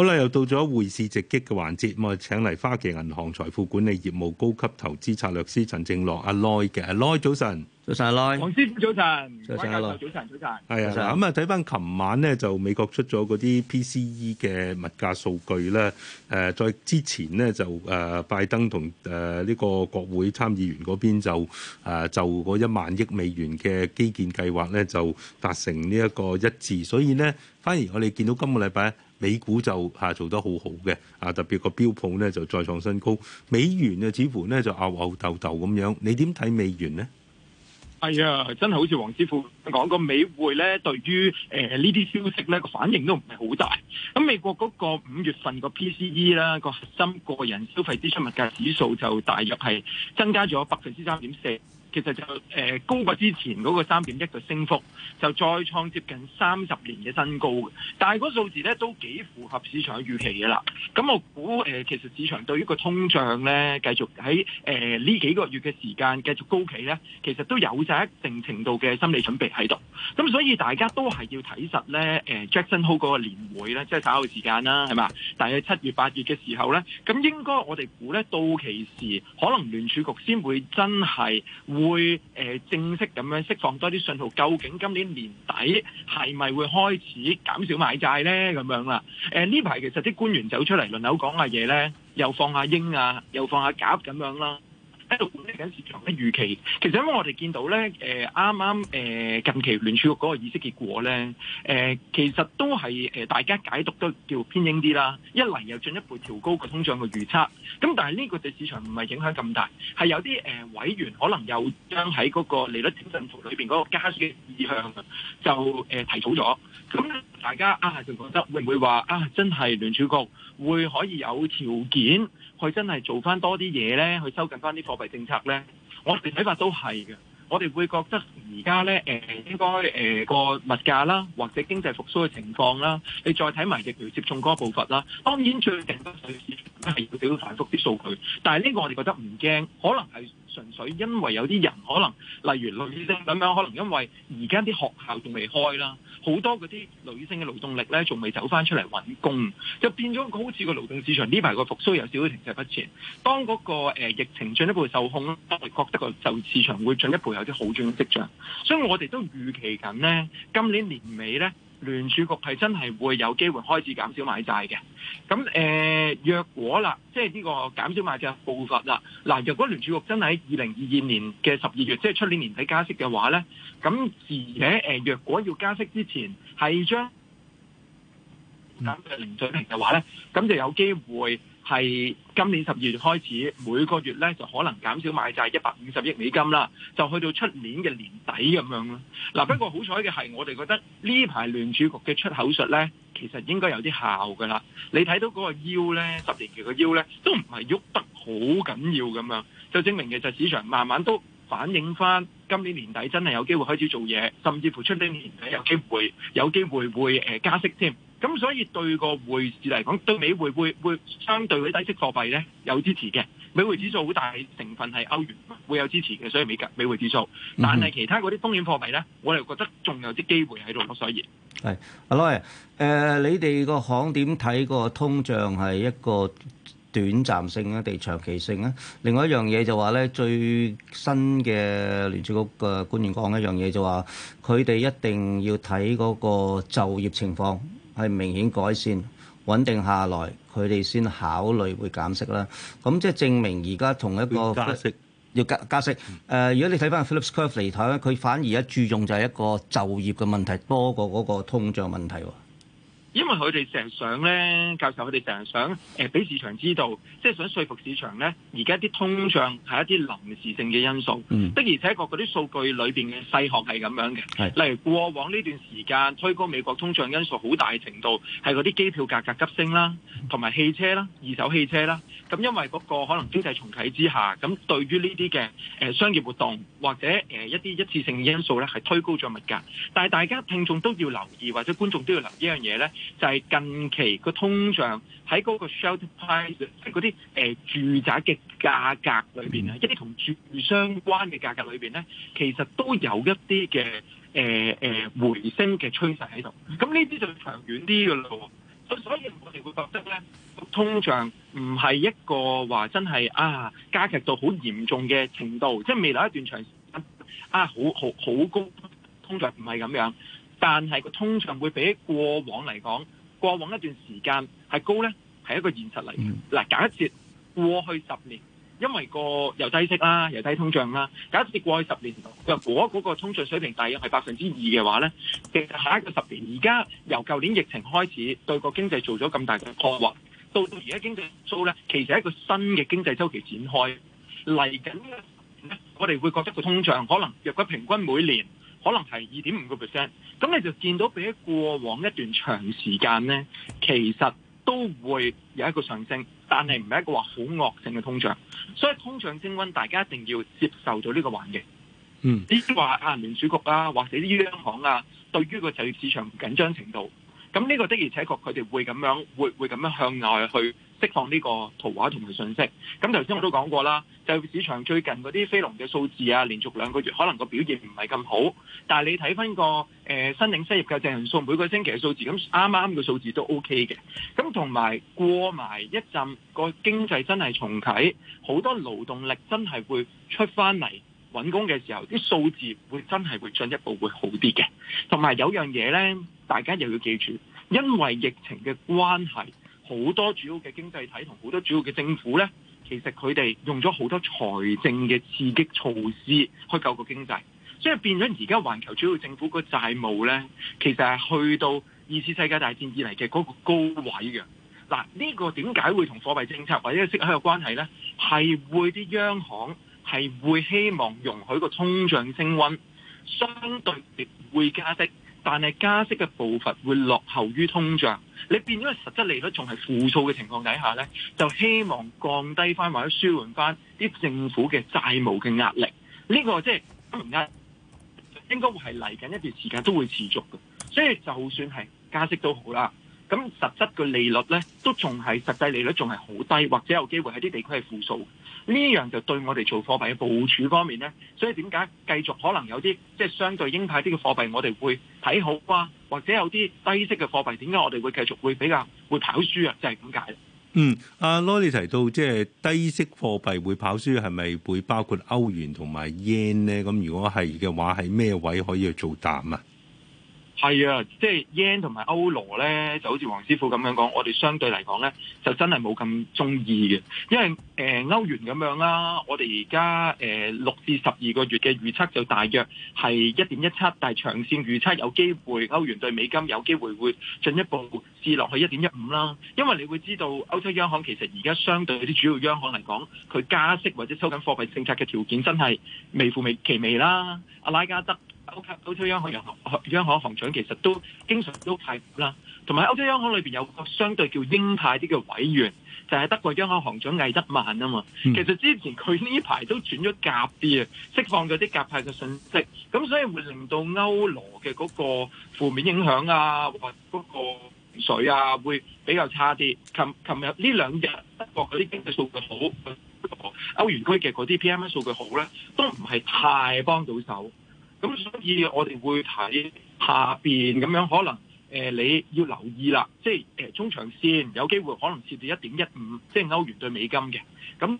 好啦，又到咗匯市直擊嘅環節，咁啊請嚟花旗銀行財富管理業務高級投資策略師陳正犖阿內嘅，阿內早晨，早晨阿內，黃師傅早晨，早晨早晨早晨，係啊，咁啊睇翻琴晚呢，就美國出咗嗰啲 PCE 嘅物價數據咧，誒、呃、在之前呢，就誒、呃、拜登同誒呢個國會參議員嗰邊就誒、呃、就嗰一萬億美元嘅基建計劃咧就達成呢一個一致，所以呢，反而我哋見到今個禮拜。美股就嚇做得好好嘅，啊特別個標普呢就再創新高，美元啊似乎呢就拗拗鬥鬥咁樣，你點睇美元呢？係啊，真係好似黃師傅講，個美匯呢，對於誒呢啲消息呢個反應都唔係好大。咁美國嗰個五月份個 PCE 啦，個 核心個人消費支出物價指數就大約係增加咗百分之三點四。其實就誒、呃、高過之前嗰個三點一嘅升幅，就再創接近三十年嘅新高嘅。但係嗰數字咧都幾符合市場嘅預期嘅啦。咁我估誒、呃、其實市場對於個通脹咧繼續喺誒呢幾個月嘅時間繼續高企咧，其實都有曬一定程度嘅心理準備喺度。咁所以大家都係要睇實咧誒、呃、Jackson Hole 嗰個年會咧，即係稍後時間啦，係嘛？大約七月八月嘅時候咧，咁應該我哋估咧到期時，可能聯儲局先會真係。會誒、呃、正式咁樣釋放多啲信號，究竟今年年底係咪會開始減少買債呢？咁樣啦，誒呢排其實啲官員走出嚟輪流講下嘢呢，又放下鷹啊，又放下鴿咁樣啦。喺度管理緊市場嘅預期，其實因為我哋見到咧，誒啱啱誒近期聯儲局嗰個議息結果咧，誒、呃、其實都係誒、呃、大家解讀都叫偏鷹啲啦。一嚟又進一步調高個通脹嘅預測，咁但係呢個對市場唔係影響咁大，係有啲誒、呃、委員可能又將喺嗰個利率點陣圖裏邊嗰個加息嘅意向就誒、呃、提早咗，咁咧。大家啊，就覺得會唔會話啊，真係聯儲局會可以有條件去真係做翻多啲嘢咧，去收緊翻啲貨幣政策咧？我哋睇法都係嘅，我哋會覺得而家咧誒，應該誒個物價啦，或者經濟復甦嘅情況啦，你再睇埋疫苗接種嗰一部分啦。當然最近個市場係要少少反覆啲數據，但係呢個我哋覺得唔驚，可能係。純粹因為有啲人可能，例如女性咁樣，可能因為而家啲學校仲未開啦，好多嗰啲女性嘅勞動力咧仲未走翻出嚟揾工，就變咗好似個勞動市場呢排個復甦有少少停滯不前。當嗰、那個、呃、疫情進一步受控，我哋覺得個就市場會進一步有啲好轉嘅跡象，所以我哋都預期緊咧今年年尾咧。聯儲局係真係會有機會開始減少買債嘅，咁誒、呃、若果啦，即係呢個減少買債嘅步伐啦，嗱，若果聯儲局真係喺二零二二年嘅十二月，即係出年年底加息嘅話咧，咁而且誒、呃、若果要加息之前係將減嘅零水平嘅話咧，咁就有機會。係今年十二月開始，每個月咧就可能減少買債一百五十億美金啦，就去到出年嘅年底咁樣咯。嗱、啊，不過好彩嘅係，我哋覺得呢排聯儲局嘅出口術咧，其實應該有啲效噶啦。你睇到嗰個 yield 咧，十年期個 yield 咧，都唔係喐得好緊要咁樣，就證明其實市場慢慢都反映翻今年年底真係有機會開始做嘢，甚至乎出年年底有機會有機會會誒加息添。咁所以對個匯市嚟講，對美匯會會相對啲低息貨幣咧有支持嘅。美匯指數好大成分係歐元，會有支持嘅，所以美美匯指數。但係其他嗰啲風險貨幣咧，我哋覺得仲有啲機會喺度咯。所以係阿 Louis 誒，你哋個行點睇個通脹係一個短暫性咧定長期性咧？另外一樣嘢就話咧，最新嘅聯儲局嘅官員講一樣嘢就話，佢哋一定要睇嗰個就業情況。係明顯改善、穩定下來，佢哋先考慮會減息啦。咁即係證明而家同一個加息，要加加息。誒、呃，如果你睇翻 Phillips Curve 嚟睇咧，佢反而一注重就係一個就業嘅問題多過嗰個通脹問題。因為佢哋成日想咧，教授佢哋成日想誒俾、呃、市場知道，即係想説服市場咧，而家啲通脹係一啲臨時性嘅因素，mm。的而且確嗰啲數據裏邊嘅細項係咁樣嘅。Mm。例如過往呢段時間推高美國通脹因素好大程度係嗰啲機票價格急升啦，同埋汽車啦、二手汽車啦。咁因為嗰個可能經濟重啟之下，咁對於呢啲嘅誒商業活動或者誒一啲一次性嘅因素咧，係推高咗物價。但係大家聽眾都要留意，或者觀眾都要留意一樣嘢咧。就係近期通個通脹喺嗰個 shelter price，即係嗰啲誒住宅嘅價格裏邊啊，一啲同住相關嘅價格裏邊咧，其實都有一啲嘅誒誒回升嘅趨勢喺度。咁呢啲就長遠啲嘅啦。咁所以我哋會覺得咧，通脹唔係一個話真係啊加劇到好嚴重嘅程度，即係未來一段長時間啊好好好高通脹，唔係咁樣。但係個通脹會比起過往嚟講，過往一段時間係高呢，係一個現實嚟嘅。嗱、嗯，假設過去十年因為個又低息啦，又低通脹啦，假設過去十年若果嗰個通脹水平大約係百分之二嘅話呢，其實下一個十年，而家由舊年疫情開始對個經濟做咗咁大嘅破壞，到到而家經濟收呢，其實係一個新嘅經濟周期展開嚟緊呢十年呢，我哋會覺得個通脹可能若果平均每年。可能係二點五個 percent，咁你就見到比起過往一段長時間呢，其實都會有一個上升，但係唔係一個話好惡性嘅通脹，所以通脹升溫，大家一定要接受咗呢個環境。嗯，呢啲話啊，聯儲局啊，或者呢啲央行啊，對於個就業市場緊張程度，咁呢個的而且確佢哋會咁樣，會會咁樣向外去。釋放呢個圖畫同埋訊息。咁頭先我都講過啦，就市場最近嗰啲非農嘅數字啊，連續兩個月可能個表現唔係咁好。但係你睇翻個誒申領失業嘅人數每個星期嘅數字，咁啱啱嘅數字都 OK 嘅。咁同埋過埋一陣個經濟真係重啓，好多勞動力真係會出翻嚟揾工嘅時候，啲數字會真係會進一步會好啲嘅。同埋有，有樣嘢呢，大家又要記住，因為疫情嘅關係。好多主要嘅經濟體同好多主要嘅政府呢，其實佢哋用咗好多財政嘅刺激措施去救個經濟，所以變咗而家環球主要政府個債務呢，其實係去到二次世界大戰以嚟嘅嗰個高位嘅。嗱，呢個點解會同貨幣政策或者係息口有關係呢？係會啲央行係會希望容許個通脹升溫，相對唔會加息。但係加息嘅步伐會落後於通脹，你變咗實質利率仲係負數嘅情況底下呢，就希望降低翻或者舒緩翻啲政府嘅債務嘅壓力。呢個即係都唔啱，應該會係嚟緊一段時間都會持續嘅。所以就算係加息都好啦，咁實質嘅利率呢都仲係實際利率仲係好低，或者有機會喺啲地區係負數。呢樣就對我哋做貨幣嘅部署方面呢，所以點解繼續可能有啲即係相對鷹派啲嘅貨幣，我哋會睇好啩、啊，或者有啲低息嘅貨幣，點解我哋會繼續會比較會跑輸啊？就係咁解。嗯，阿、啊、Lolly 提到即係、就是、低息貨幣會跑輸，係咪會包括歐元同埋 yen 呢？咁如果係嘅話，喺咩位可以去做淡啊？係啊，即係 yen 同埋歐羅咧，就好似黃師傅咁樣講，我哋相對嚟講咧，就真係冇咁中意嘅，因為誒、呃、歐元咁樣啦、啊，我哋而家誒六至十二個月嘅預測就大約係一點一七，但係長線預測有機會歐元對美金有機會會進一步跌落去一點一五啦，因為你會知道歐洲央行其實而家相對啲主要央行嚟講，佢加息或者收緊貨幣政策嘅條件真係微乎微其微啦，阿拉加德。歐洲央行央行行長其實都經常都派鴿啦，同埋喺歐洲央行裏邊有個相對叫鷹派啲嘅委員，就係德國央行行長魏德曼啊嘛。其實之前佢呢排都轉咗鴿啲啊，釋放咗啲鴿派嘅信息，咁所以會令到歐羅嘅嗰個負面影響啊，或嗰個情緒啊，會比較差啲。琴琴日呢兩日德國嗰啲經濟數據好，歐元區嘅嗰啲 PMI 數據好咧，都唔係太幫到手。咁所以我哋會睇下邊咁樣，可能誒、呃、你要留意啦，即係誒、呃、中長線有機會可能涉至一點一五，即係歐元對美金嘅。咁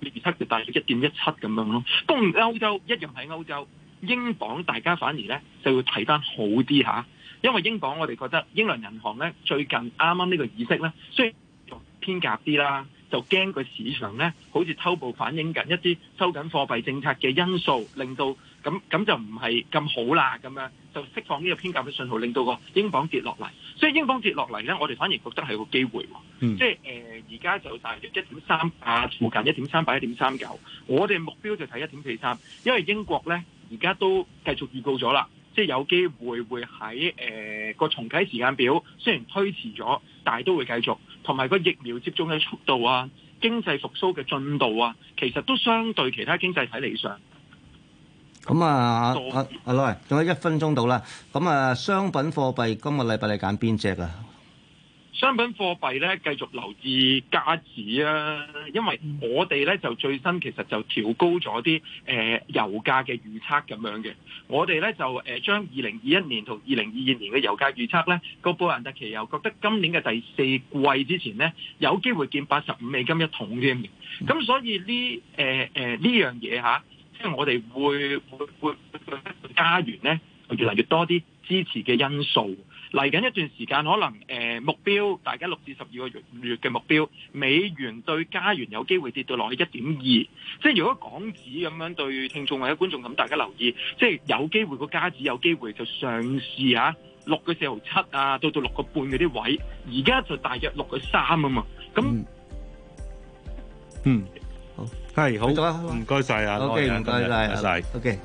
二七就大約一點一七咁樣咯。當然歐洲一樣喺歐洲，英鎊大家反而咧就要睇翻好啲嚇，因為英鎊我哋覺得英倫銀行咧最近啱啱呢個議息咧，雖然偏格啲啦，就驚個市場咧好似偷步反映緊一啲收緊貨幣政策嘅因素，令到。咁咁就唔係咁好啦，咁樣就釋放呢個偏價嘅信號，令到個英鎊跌落嚟。所以英鎊跌落嚟咧，我哋反而覺得係個機會、嗯、即係誒，而、呃、家就大約一點三八附近，一點三八一點三九。我哋目標就睇一點四三，因為英國咧而家都繼續預告咗啦，即係有機會會喺誒個重啟時間表雖然推遲咗，但係都會繼續。同埋個疫苗接種嘅速度啊，經濟復甦嘅進度啊，其實都相對其他經濟體理想。咁啊，阿阿阿 Louis，仲有一分鐘到啦。咁啊，商品貨幣今個禮拜你揀邊隻啊？商品貨幣咧繼續留意加紙啊！因為我哋咧就最新其實就調高咗啲誒油價嘅預測咁樣嘅。我哋咧就誒、呃、將二零二一年同二零二二年嘅油價預測咧，個布蘭特期油覺得今年嘅第四季之前咧有機會見八十五美金一桶添。咁所以呢誒誒呢樣嘢嚇、啊。即係我哋會會會加元咧，越嚟越多啲支持嘅因素。嚟緊一段時間，可能誒、呃、目標，大家六至十二個月嘅目標，美元對加元有機會跌到落去一點二。即係如果港紙咁樣對聽眾或者觀眾咁，大家留意，即係有機會個加紙有機會就上試吓六個四毫七啊，到到六個半嗰啲位，而家就大約六個三啊嘛，咁嗯。嗯。係好唔該晒啊，唔該晒，唔該晒，okay，好嘅。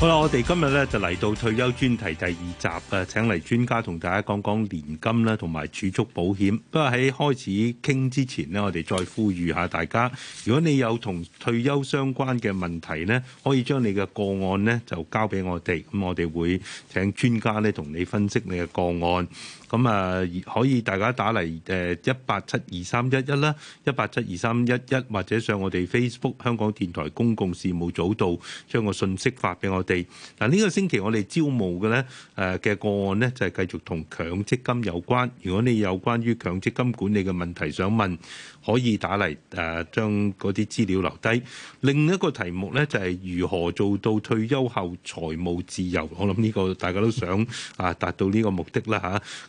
好啦，我哋今日咧就嚟到退休專題第二集誒，請嚟專家同大家講講年金啦，同埋儲蓄保險。不過喺開始傾之前呢，我哋再呼籲下大家，如果你有同退休相關嘅問題呢，可以將你嘅個案呢就交俾我哋，咁我哋會請專家咧同你分析你嘅個案。咁啊、嗯，可以大家打嚟誒一八七二三一一啦，一八七二三一一，或者上我哋 Facebook 香港電台公共事務組度將個信息發俾我哋。嗱、呃、呢、這個星期我哋招募嘅咧誒嘅個案咧就係、是、繼續同強積金有關。如果你有關於強積金管理嘅問題，想問。可以打嚟誒、啊、將嗰啲資料留低。另一個題目咧就係、是、如何做到退休後財務自由。我諗呢個大家都想啊，達到呢個目的啦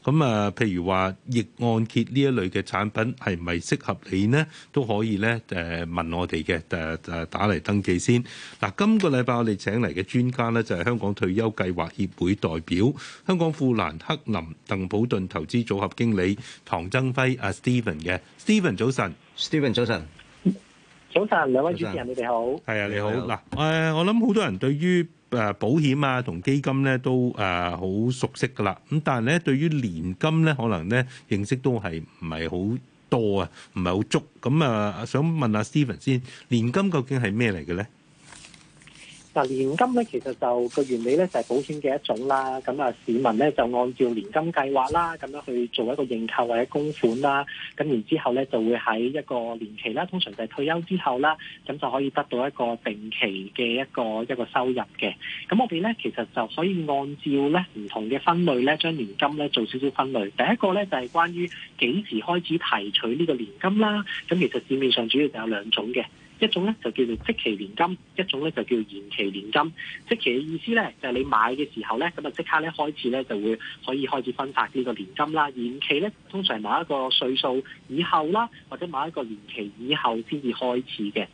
吓，咁啊，譬如話逆按揭呢一類嘅產品係唔係適合你咧，都可以咧誒、啊、問我哋嘅誒誒打嚟登記先。嗱、啊，今個禮拜我哋請嚟嘅專家咧就係、是、香港退休計劃協會代表、香港富蘭克林鄧普頓投資組合經理唐崢輝阿、啊、Steven 嘅 Steven 早晨。Steven 早晨，早晨，兩位主持人你哋好，係啊，你好，嗱，誒，我諗好多人對於誒保險啊同基金咧都誒好熟悉噶啦，咁，但係咧對於年金咧，可能咧認識都係唔係好多啊，唔係好足，咁啊，想問下 Steven 先，年金究竟係咩嚟嘅咧？嗱，年金咧其實就個原理咧就係、是、保險嘅一種啦，咁啊市民咧就按照年金計劃啦，咁、啊、樣去做一個認購或者供款啦，咁、啊、然之後咧就會喺一個年期啦、啊，通常就係退休之後啦，咁、啊嗯、就可以得到一個定期嘅一個一個收入嘅。咁、啊、我哋咧其實就可以按照咧唔同嘅分類咧，將年金咧做少少分類。第一個咧就係、是、關於幾時開始提取呢個年金啦，咁、啊嗯、其實市面上主要就有兩種嘅。一種咧就叫做即期年金，一種咧就叫做延期年金。即期嘅意思咧就係你買嘅時候咧，咁啊即刻咧開始咧就會可以開始分發呢個年金啦。延期咧通常某一個歲數以後啦，或者某一個年期以後先至開始嘅。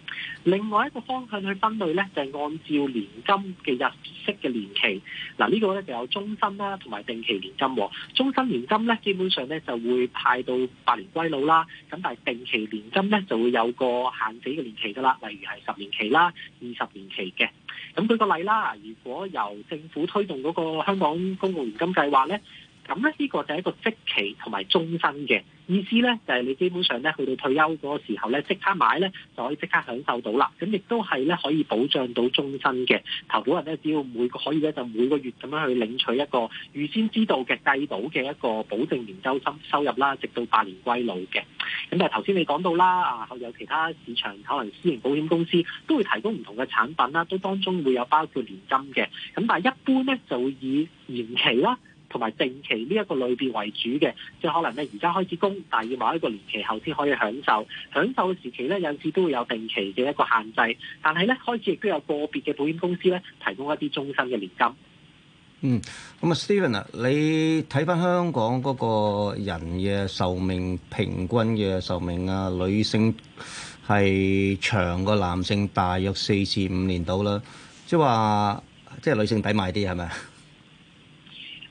另外一個方向去分類咧就係按照年金嘅日息嘅年期。嗱、這、呢個咧就有終身啦，同埋定期年金。終身年金咧基本上咧就會派到百年歸老啦。咁但係定期年金咧就會有個限死嘅年期。啦，例如係十年期啦、二十年期嘅，咁舉個例啦。如果由政府推動嗰個香港公共年金計劃咧。咁咧，呢個就係一個即期同埋終身嘅意思咧，就係你基本上咧去到退休嗰個時候咧，即刻買咧就可以即刻享受到啦。咁亦都係咧可以保障到終身嘅投保人咧，只要每個可以咧就每個月咁樣去領取一個預先知道嘅計到嘅一個保證年金收入啦，直到百年歸老嘅。咁但係頭先你講到啦，啊有其他市場可能私人保險公司都會提供唔同嘅產品啦，都當中會有包括年金嘅。咁但係一般咧就會以延期啦。同埋定期呢一個類別為主嘅，即係可能咧而家開始供，但係要某一個年期後先可以享受享受嘅時期咧，有陣時都會有定期嘅一個限制。但係咧開始亦都有個別嘅保險公司咧提供一啲終身嘅年金。嗯，咁啊，Steven 啊，你睇翻香港嗰個人嘅壽命平均嘅壽命啊，女性係長過男性大約四至五年度啦。即係話，即係女性抵買啲係咪啊？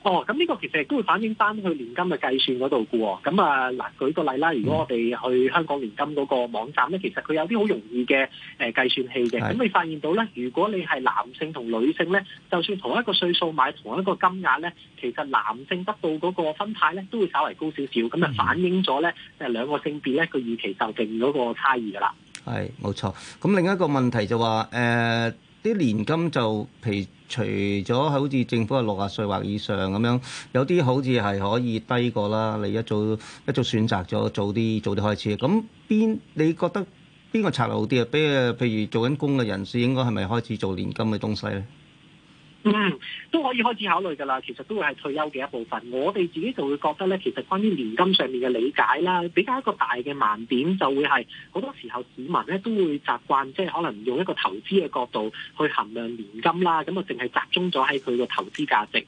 哦，咁呢個其實亦都會反映翻去年金嘅計算嗰度嘅喎，咁啊嗱舉個例啦，如果我哋去香港年金嗰個網站咧，其實佢有啲好容易嘅誒計算器嘅，咁你發現到咧，如果你係男性同女性咧，就算同一個歲數買同一個金額咧，其實男性得到嗰個分派咧都會稍為高少少，咁啊反映咗咧就兩個性別咧佢預期壽命嗰個差異噶啦。係，冇錯。咁另一個問題就話誒。啲年金就，譬如除咗好似政府話六啊歲或以上咁樣，有啲好似係可以低過啦。你一早一早選擇咗早啲早啲開始，咁邊你覺得邊個策略好啲啊？比如譬如做緊工嘅人士，應該係咪開始做年金嘅東西咧？嗯，都可以開始考慮噶啦。其實都會係退休嘅一部分。我哋自己就會覺得咧，其實關於年金上面嘅理解啦，比較一個大嘅盲點就會係好多時候市民咧都會習慣，即係可能用一個投資嘅角度去衡量年金啦。咁啊，淨係集中咗喺佢個投資價值。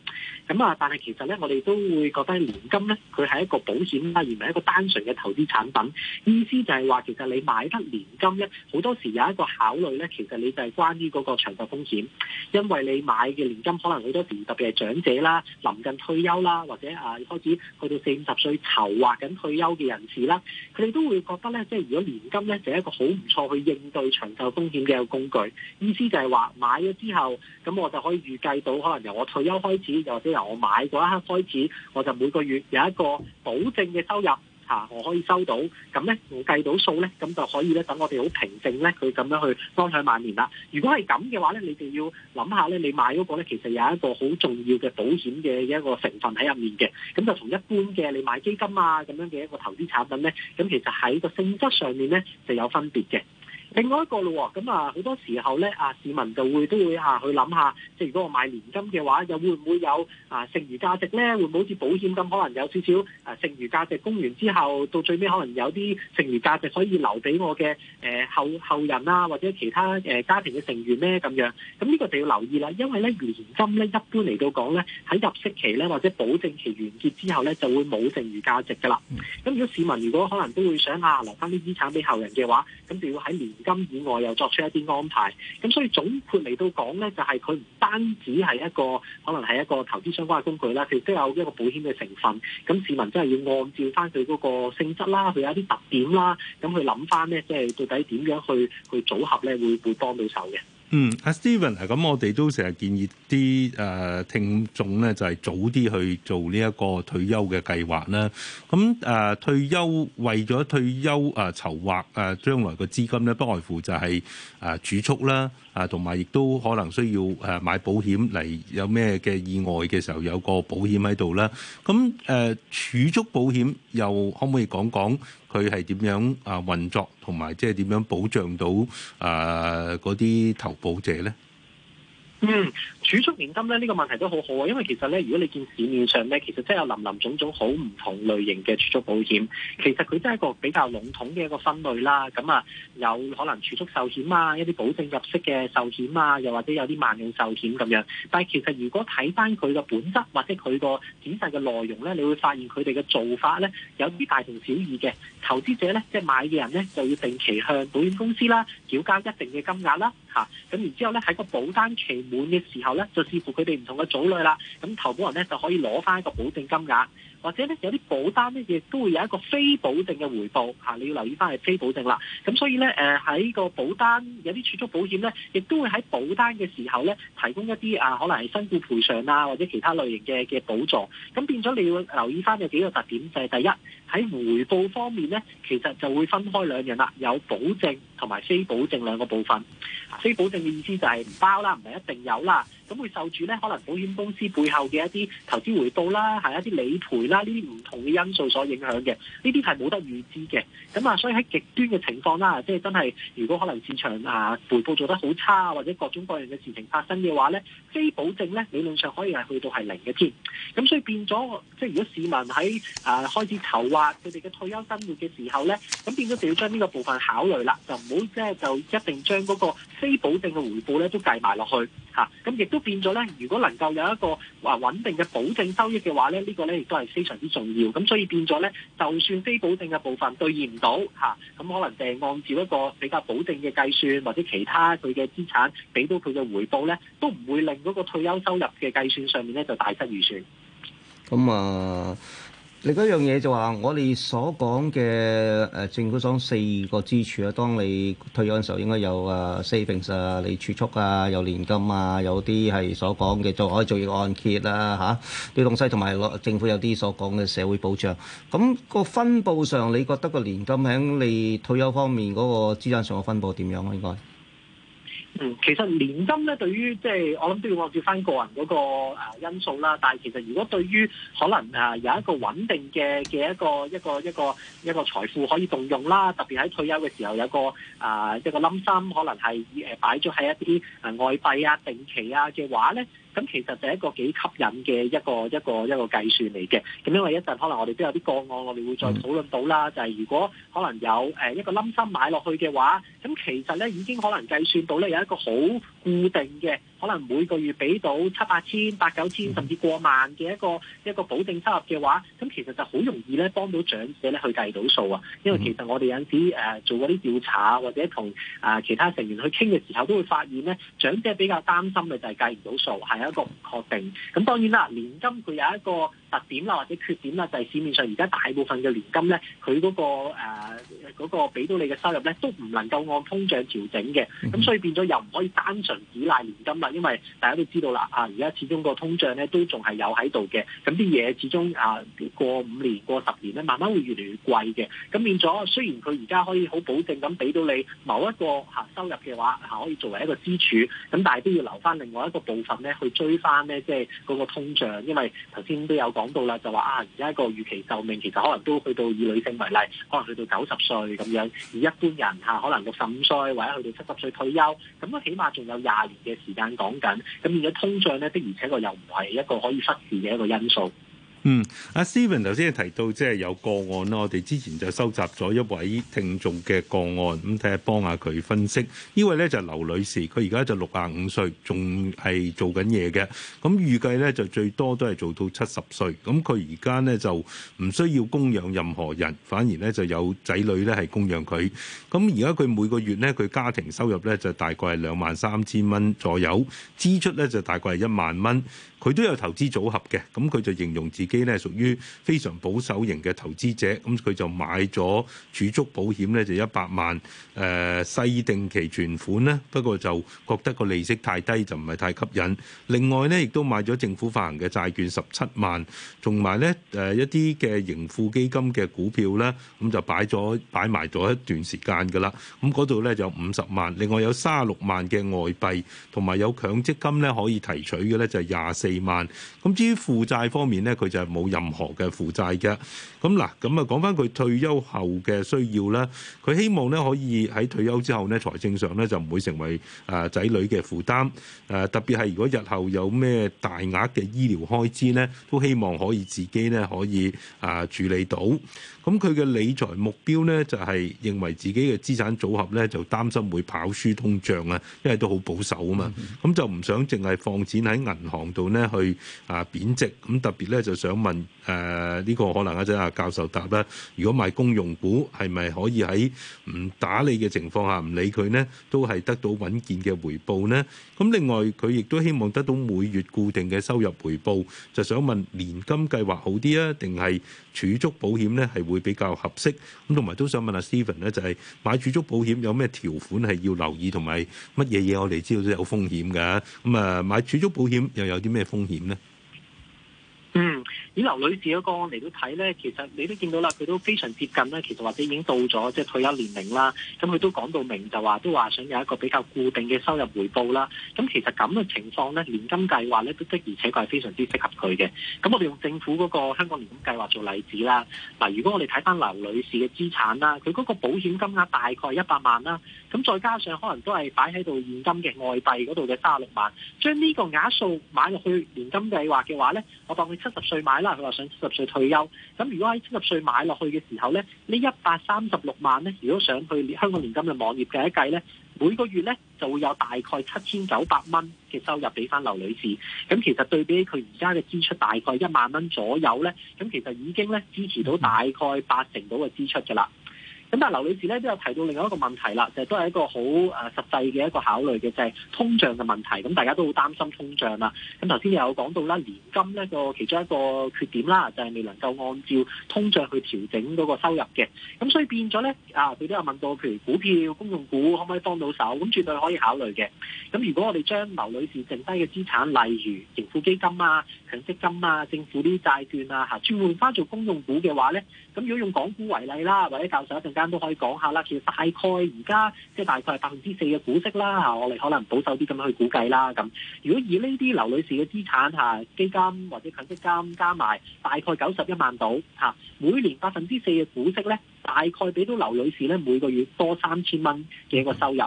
咁啊，但係其實咧，我哋都會覺得年金咧，佢係一個保險啦，而唔係一個單純嘅投資產品。意思就係話其實你買得年金咧，好多時有一個考慮咧，其實你就係關於嗰個長壽風險，因為你買嘅年金可能好多時，特別係長者啦、臨近退休啦，或者啊開始去到四五十歲籌劃緊退休嘅人士啦，佢哋都會覺得咧，即係如果年金咧就係一個好唔錯去應對長壽風險嘅工具。意思就係話買咗之後，咁我就可以預計到可能由我退休開始，又或者由我買嗰一刻開始，我就每個月有一個保證嘅收入。吓、啊，我可以收到，咁咧我計到數咧，咁就可以咧等我哋好平靜咧，佢咁樣去安享晚年啦。如果係咁嘅話咧，你哋要諗下咧，你買嗰個咧其實有一個好重要嘅保險嘅一個成分喺入面嘅，咁就同一般嘅你買基金啊咁樣嘅一個投資產品咧，咁其實喺個性質上面咧就有分別嘅。另外一個咯喎，咁啊好多時候咧，啊市民就會都會啊去諗下，即係如果我買年金嘅話，又會唔會有啊剩餘價值咧？會唔會好似保險咁，可能有少少啊剩餘價值？供完之後，到最尾可能有啲剩餘價值，所以留俾我嘅誒、呃、後後人啊，或者其他誒家庭嘅成員咧咁樣？咁呢個就要留意啦，因為咧年金咧一般嚟到講咧，喺入息期咧或者保證期完結之後咧，就會冇剩餘價值噶啦。咁、嗯、如果市民如果可能都會想啊留翻啲資產俾後人嘅話，咁就要喺年金以外又作出一啲安排，咁所以總括嚟到講呢，就係佢唔單止係一個可能係一個投資相關嘅工具啦，佢亦都有一個保險嘅成分。咁市民真係要按照翻佢嗰個性質啦，佢有啲特點啦，咁去諗翻呢，即係到底點樣去去組合呢？會會幫到手嘅。嗯，阿 Steven 啊，咁我哋都成日建議啲誒聽眾咧，就係早啲去做呢一個退休嘅計劃啦。咁誒退休為咗退休誒籌劃誒將來嘅資金咧，不外乎就係誒儲蓄啦，啊，同埋亦都可能需要誒買保險嚟，有咩嘅意外嘅時候，有個保險喺度啦。咁誒儲蓄保險又可唔可以講講？佢係點樣啊運作，同埋即係點樣保障到啊嗰啲投保者呢？嗯。儲蓄年金呢，呢、呢個問題都好好啊，因為其實呢，如果你見市面上呢，其實真係有林林總總好唔同類型嘅儲蓄保險，其實佢真係一個比較籠統嘅一個分類啦。咁啊，有可能儲蓄壽險啊，一啲保證入息嘅壽險啊，又或者有啲萬用壽險咁樣。但係其實如果睇翻佢嘅本質或者佢個展細嘅內容呢，你會發現佢哋嘅做法呢，有啲大同小異嘅。投資者呢，即係買嘅人呢，就要定期向保險公司啦繳交一定嘅金額啦，嚇、啊。咁然之後呢，喺個保單期滿嘅時候，就視乎佢哋唔同嘅組類啦，咁投保人咧就可以攞翻一個保證金額。或者咧有啲保單咧，亦都會有一個非保證嘅回報嚇、啊，你要留意返係非保證啦。咁所以咧，誒、呃、喺個保單有啲儲蓄保險咧，亦都會喺保單嘅時候咧，提供一啲啊可能係身故賠償啊或者其他類型嘅嘅補助。咁變咗你要留意返有幾個特點，就係、是、第一喺回報方面咧，其實就會分開兩樣啦，有保證同埋非保證兩個部分。啊、非保證嘅意思就係唔包啦，唔係一定有啦。咁會受住咧，可能保險公司背後嘅一啲投資回報啦，係一啲理賠啦，呢啲唔同嘅因素所影響嘅，呢啲係冇得預知嘅。咁啊，所以喺極端嘅情況啦，即係真係如果可能市場啊回報做得好差，或者各種各樣嘅事情發生嘅話呢，非保證呢，理論上可以係去到係零嘅添。咁所以變咗，即係如果市民喺啊、呃、開始籌劃佢哋嘅退休生活嘅時候呢，咁變咗就要將呢個部分考慮啦，就唔好即係就一定將嗰個非保證嘅回報呢都計埋落去。咁亦、啊、都變咗咧，如果能夠有一個話、啊、穩定嘅保證收益嘅話咧，這個、呢個咧亦都係非常之重要。咁所以變咗咧，就算非保證嘅部分兌現唔到嚇，咁、啊、可能淨係按照一個比較保證嘅計算或者其他佢嘅資產俾到佢嘅回報咧，都唔會令嗰個退休收入嘅計算上面咧就大失預算。咁啊。另一樣嘢就話，我哋所講嘅誒政府講四個支柱啊，當你退休嘅時候應該有啊、呃、savings 啊，你儲蓄啊，有年金啊，有啲係所講嘅仲可以做嘢按揭啦嚇，啲東、啊啊、西同埋政府有啲所講嘅社會保障。咁、個分佈上，你覺得個年金喺你退休方面嗰個資產上嘅分佈點樣啊？應該？嗯，其實年金咧，對於即係、就是、我諗都要按照翻個人嗰個誒因素啦。但係其實如果對於可能誒有一個穩定嘅嘅一個一個一個一個財富可以動用啦，特別喺退休嘅時候有個誒一個冧、呃、心，可能係誒擺咗喺一啲誒外幣啊、定期啊嘅話咧。咁其實就係一個幾吸引嘅一個一個一個計算嚟嘅，咁因為一陣可能我哋都有啲個案，我哋會再討論到啦。嗯、就係如果可能有誒一個冧心買落去嘅話，咁其實咧已經可能計算到咧有一個好固定嘅。可能每個月俾到七八千、八九千，甚至過萬嘅一個一個保證收入嘅話，咁其實就好容易咧幫到長者咧去計到數啊。因為其實我哋有陣時誒、呃、做嗰啲調查或者同啊、呃、其他成員去傾嘅時候，都會發現咧長者比較擔心嘅就係計唔到數，係一個唔確定。咁當然啦，年金佢有一個特點啦，或者缺點啦，就係、是、市面上而家大部分嘅年金咧，佢嗰、那個誒俾到你嘅收入咧，都唔能夠按通脹調整嘅。咁所以變咗又唔可以單純倚賴年金啦。因為大家都知道啦，啊而家始終個通脹咧都仲係有喺度嘅，咁啲嘢始終啊過五年、過十年咧，慢慢會越嚟越貴嘅。咁變咗，雖然佢而家可以好保證咁俾到你某一個嚇收入嘅話嚇，可以作為一個支柱，咁但係都要留翻另外一個部分咧去追翻咧，即係嗰個通脹。因為頭先都有講到啦，就話啊而家一個預期壽命其實可能都去到以女性為例，可能去到九十歲咁樣，而一般人嚇、啊、可能六十五歲或者去到七十歲退休，咁啊起碼仲有廿年嘅時間，講緊咁，變咗通脹咧，的而且確又唔係一個可以忽視嘅一個因素。嗯，阿 Stephen 頭先提到即係有個案啦，我哋之前就收集咗一位聽眾嘅個案，咁睇下幫下佢分析。呢位呢就係劉女士，佢而家就六十五歲，仲係做緊嘢嘅。咁預計呢，就最多都係做到七十歲。咁佢而家呢，就唔需要供養任何人，反而呢就有仔女呢係供養佢。咁而家佢每個月呢，佢家庭收入呢，就大概係兩萬三千蚊左右，支出呢，就大概係一萬蚊。佢都有投資組合嘅，咁佢就形容自己呢屬於非常保守型嘅投資者，咁佢就買咗儲蓄保險呢就一百萬，誒、呃、細定期存款咧，不過就覺得個利息太低就唔係太吸引。另外呢，亦都買咗政府發行嘅債券十七萬，同埋呢誒一啲嘅盈富基金嘅股票呢咁就擺咗擺埋咗一段時間㗎啦。咁嗰度呢就五十萬，另外有三十六萬嘅外幣，同埋有，有強積金呢可以提取嘅呢就係廿四。四萬咁，至於負債方面呢，佢就係冇任何嘅負債嘅。咁嗱，咁啊講翻佢退休後嘅需要啦，佢希望呢，可以喺退休之後呢，財政上呢，就唔會成為誒仔女嘅負擔。誒，特別係如果日後有咩大額嘅醫療開支呢，都希望可以自己呢，可以誒處理到。咁佢嘅理財目標呢，就係認為自己嘅資產組合呢，就擔心會跑輸通脹啊，因為都好保守啊嘛。咁、嗯嗯、就唔想淨係放錢喺銀行度呢。咧去啊貶值，咁特別咧就想問誒呢個可能阿姐啊教授答啦，如果買公用股，係咪可以喺唔打理嘅情況下唔理佢咧，都係得到穩健嘅回報咧？咁另外佢亦都希望得到每月固定嘅收入回報，就想問年金計劃好啲啊，定係儲蓄保險咧係會比較合適？咁同埋都想問阿 Steven 咧，就係買儲蓄保險有咩條款係要留意，同埋乜嘢嘢我哋知道都有風險嘅。咁啊買儲蓄保險又有啲咩？風險呢，嗯，以劉女士嗰個案例嚟睇呢。其實你都見到啦，佢都非常接近呢。其實或者已經到咗即係退休年齡啦。咁佢都講到明，就話都話想有一個比較固定嘅收入回報啦。咁其實咁嘅情況呢，年金計劃呢都的而且確係非常之適合佢嘅。咁我哋用政府嗰個香港年金計劃做例子啦。嗱，如果我哋睇翻劉女士嘅資產啦，佢嗰個保險金額大概一百萬啦。咁再加上可能都係擺喺度現金嘅外幣嗰度嘅三十六萬，將呢個額數買落去年金計劃嘅話呢，我當佢七十歲買啦，佢話想七十歲退休。咁如果喺七十歲買落去嘅時候呢，呢一百三十六萬呢，如果想去香港年金嘅網頁計一計呢，每個月呢，就會有大概七千九百蚊嘅收入俾翻劉女士。咁其實對比佢而家嘅支出大概一萬蚊左右呢，咁其實已經呢支持到大概八成到嘅支出㗎啦。咁但係劉女士咧都有提到另外一個問題啦，就係都係一個好誒實際嘅一個考慮嘅，就係通脹嘅問題。咁大家都好擔心通脹啦。咁頭先又有講到啦，年金呢個其中一個缺點啦，就係未能夠按照通脹去調整嗰個收入嘅。咁所以變咗咧，啊，佢都有問到，譬如股票、公用股可唔可以幫到手？咁絕對可以考慮嘅。咁如果我哋將劉女士剩低嘅資產，例如盈富基金啊，強積金啊，政府啲債券啊，嚇轉換翻做公用股嘅話咧，咁如果用港股為例啦，或者教授一陣間都可以講下啦。其實大概而家即係大概係百分之四嘅股息啦，嚇我哋可能保守啲咁樣去估計啦。咁如果以呢啲劉女士嘅資產嚇基金或者強積金加埋，大概九十一萬到嚇每年百分之四嘅股息咧，大概俾到劉女士咧每個月多三千蚊嘅一個收入。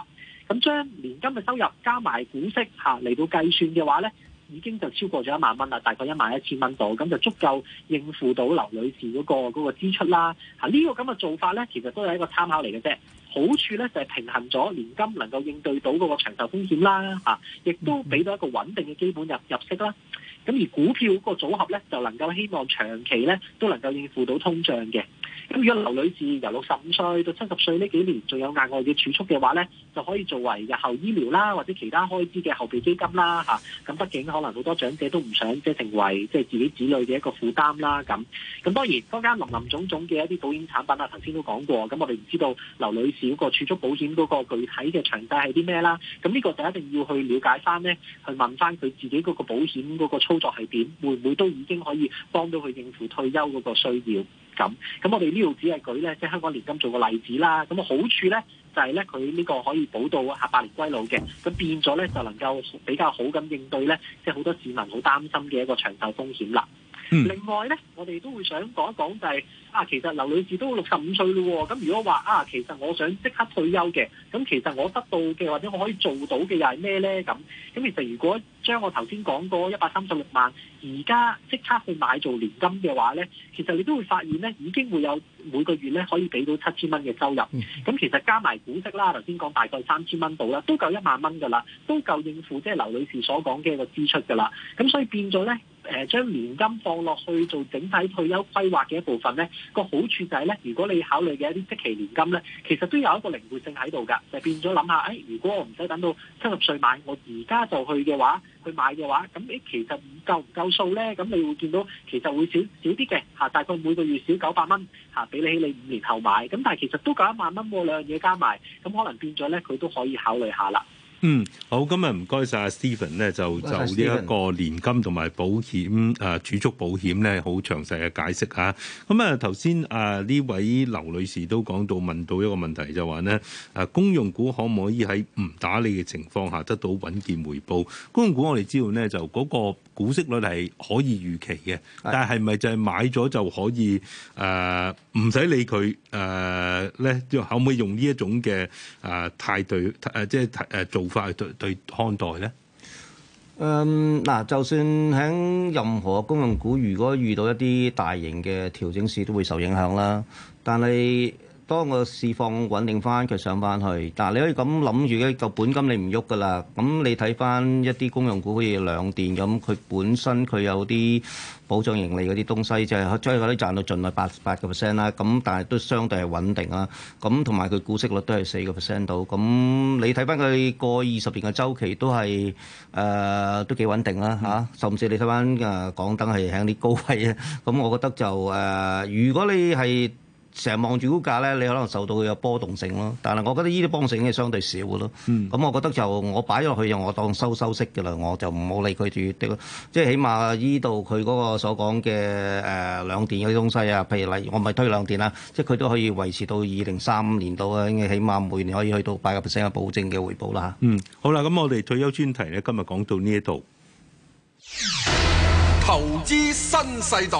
咁將年金嘅收入加埋股息嚇嚟到計算嘅話咧。 已經就超過咗一萬蚊啦，大概一萬一千蚊到，咁就足夠應付到劉女士嗰個嗰個支出啦。嚇、啊，呢、這個咁嘅做法呢，其實都係一個參考嚟嘅啫。好處呢，就係、是、平衡咗年金能夠應對到嗰個長壽風險啦，嚇、啊，亦、啊、都俾到一個穩定嘅基本入入息啦。咁、啊、而股票個組合呢，就能夠希望長期呢，都能夠應付到通脹嘅。咁如果劉女士由六十五歲到七十歲呢幾年仲有額外嘅儲蓄嘅話呢，就可以作為日後醫療啦或者其他開支嘅後備基金啦，嚇！咁畢竟可能好多長者都唔想即係成為即係自己子女嘅一個負擔啦，咁咁當然，當間林林總總嘅一啲保險產品啊，頭先都講過，咁我哋唔知道劉女士嗰個儲蓄保險嗰個具體嘅詳細係啲咩啦，咁呢個就一定要去了解翻呢去問翻佢自己嗰個保險嗰個操作係點，會唔會都已經可以幫到佢應付退休嗰個需要。咁咁，我哋呢度只係舉咧，即係香港年金做個例子啦。咁好處咧，就係咧佢呢個可以保到嚇百年歸老嘅，咁變咗咧，就能夠比較好咁應對咧，即係好多市民好擔心嘅一個長壽風險啦。Mm hmm. 另外呢，我哋都會想講一講就係啊，其實劉女士都六十五歲咯喎，咁如果話啊，其實我想即刻退休嘅，咁其實我得到嘅或者我可以做到嘅又係咩呢？咁咁其實如果將我頭先講嗰一百三十六萬，而家即刻去買做年金嘅話呢，其實你都會發現呢，已經會有每個月呢可以俾到七千蚊嘅收入，咁其實加埋股息啦，頭先講大概三千蚊到啦，都夠一萬蚊噶啦，都夠應付即係劉女士所講嘅一個支出噶啦，咁所以變咗呢。誒將年金放落去做整體退休規劃嘅一部分咧，個好處就係、是、咧，如果你考慮嘅一啲即期年金咧，其實都有一個靈活性喺度㗎，就是、變咗諗下，誒、哎、如果我唔使等到七十歲買，我而家就去嘅話，去買嘅話，咁誒其實夠唔夠數咧？咁你會見到其實會少少啲嘅嚇，大概每個月少九百蚊嚇，比、啊、你喺你五年後買，咁但係其實都夠一萬蚊喎，兩樣嘢加埋，咁可能變咗咧，佢都可以考慮下啦。嗯，好，今日唔該晒，阿 Stephen 咧，就就呢一個年金同埋保險誒、啊、儲蓄保險咧，好詳細嘅解釋吓。咁啊，頭先啊呢位劉女士都講到問到一個問題，就話呢，誒、啊、公用股可唔可以喺唔打理嘅情況下得到穩健回報？公用股我哋知道呢，就嗰個股息率係可以預期嘅，但係咪就係買咗就可以誒唔使理佢誒咧？即、啊、可唔可以用呢一種嘅誒態度誒、啊、即係誒、啊、做？快對對看待咧，嗯嗱，就算喺任何公用股，如果遇到一啲大型嘅調整市，都會受影響啦。但係，當我釋放穩定翻，佢上翻去，但係你可以咁諗住咧，個本金你唔喐噶啦。咁你睇翻一啲公用股，好似兩電咁，佢本身佢有啲保障盈利嗰啲東西，就將嗰啲賺到盡量八八個 percent 啦。咁但係都相對係穩定啦。咁同埋佢股息率都係四個 percent 度。咁你睇翻佢過二十年嘅週期都係誒，都幾穩定啦嚇。甚至你睇翻誒港燈係喺啲高位啊。咁我覺得就誒，如果你係成日望住股價咧，你可能受到佢嘅波動性咯。但係我覺得依啲幫成應該相對少嘅咯。咁我覺得就我擺咗落去，我當收收息嘅啦，我就唔好理佢住。即係起碼依度佢嗰個所講嘅誒兩電嗰啲東西啊，譬如例如我咪推兩電啦，即係佢都可以維持到二零三五年度啊，因為起碼每年可以去到八個 percent 嘅保證嘅回報啦嚇。嗯，好啦，咁我哋退休專題咧今日講到呢一度投資新世代。